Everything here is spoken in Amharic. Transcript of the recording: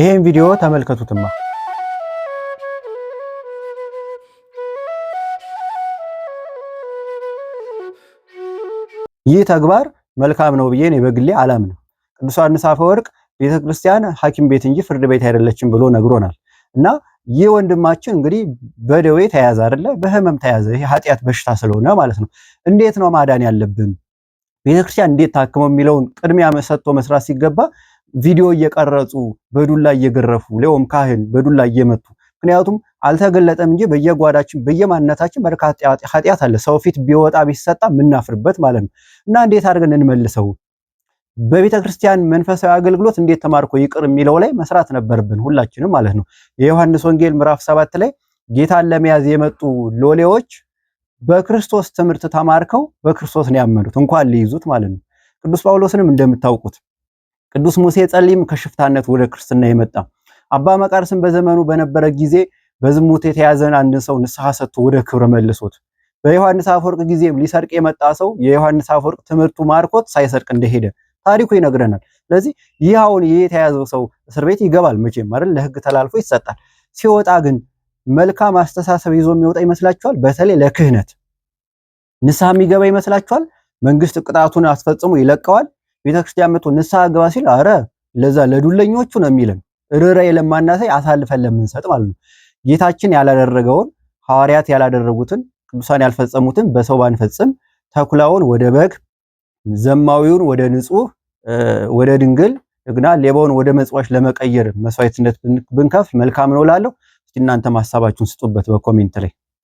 ይሄን ቪዲዮ ተመልከቱትማ። ይህ ተግባር መልካም ነው ብዬ እኔ በግሌ አላምንም። ቅዱስ ዮሐንስ አፈወርቅ ቤተክርስቲያን ሐኪም ቤት እንጂ ፍርድ ቤት አይደለችም ብሎ ነግሮናል። እና ይህ ወንድማችን እንግዲህ በደዌ ተያዘ አይደለ? በህመም ተያዘ። ይሄ ኃጢአት በሽታ ስለሆነ ማለት ነው። እንዴት ነው ማዳን ያለብን? ቤተክርስቲያን እንዴት ታክመው የሚለውን ቅድሚያ ሰጥቶ መስራት ሲገባ ቪዲዮ እየቀረጹ በዱላ እየገረፉ ሌውም ካህን በዱላ እየመቱ ምክንያቱም አልተገለጠም እንጂ በየጓዳችን በየማንነታችን በርካታ ኃጢአት አለ። ሰው ፊት ቢወጣ ቢሰጣ የምናፍርበት ማለት ነው። እና እንዴት አድርገን እንመልሰው? በቤተ ክርስቲያን መንፈሳዊ አገልግሎት እንዴት ተማርኮ ይቅር የሚለው ላይ መስራት ነበርብን ሁላችንም ማለት ነው። የዮሐንስ ወንጌል ምዕራፍ ሰባት ላይ ጌታን ለመያዝ የመጡ ሎሌዎች በክርስቶስ ትምህርት ተማርከው በክርስቶስ ነው ያመኑት፣ እንኳን ሊይዙት ማለት ነው። ቅዱስ ጳውሎስንም እንደምታውቁት ቅዱስ ሙሴ ጸሊም ከሽፍታነት ወደ ክርስትና የመጣ አባ መቃርስን በዘመኑ በነበረ ጊዜ በዝሙት የተያዘን አንድ ሰው ንስሐ ሰጥቶ ወደ ክብረ መልሶት በዮሐንስ አፈወርቅ ጊዜም ሊሰርቅ የመጣ ሰው የዮሐንስ አፈወርቅ ትምህርቱ ማርኮት ሳይሰርቅ እንደሄደ ታሪኩ ይነግረናል። ስለዚህ ይህ አሁን ይህ የተያዘው ሰው እስር ቤት ይገባል መቼም አይደል፣ ለህግ ተላልፎ ይሰጣል። ሲወጣ ግን መልካም አስተሳሰብ ይዞ የሚወጣ ይመስላችኋል? በተለይ ለክህነት ንስሐ የሚገባ ይመስላችኋል? መንግስት ቅጣቱን አስፈጽሞ ይለቀዋል? ቤተክርስቲያን መጥቶ ንስሐ ግባ ሲል አረ ለዛ ለዱለኞቹ ነው የሚለን ርረ ለማናሳይ አሳልፈን ለምንሰጥ ማለት ነው። ጌታችን ያላደረገውን ሐዋርያት ያላደረጉትን ቅዱሳን ያልፈጸሙትን በሰው ባንፈጽም ተኩላውን ወደ በግ ዘማዊውን ወደ ንጹህ ወደ ድንግል እግና ሌባውን ወደ መጽዋች ለመቀየር መስዋዕትነት ብንከፍል መልካም ነው እላለሁ። እናንተ ማሳባችሁን ስጡበት በኮሜንት ላይ።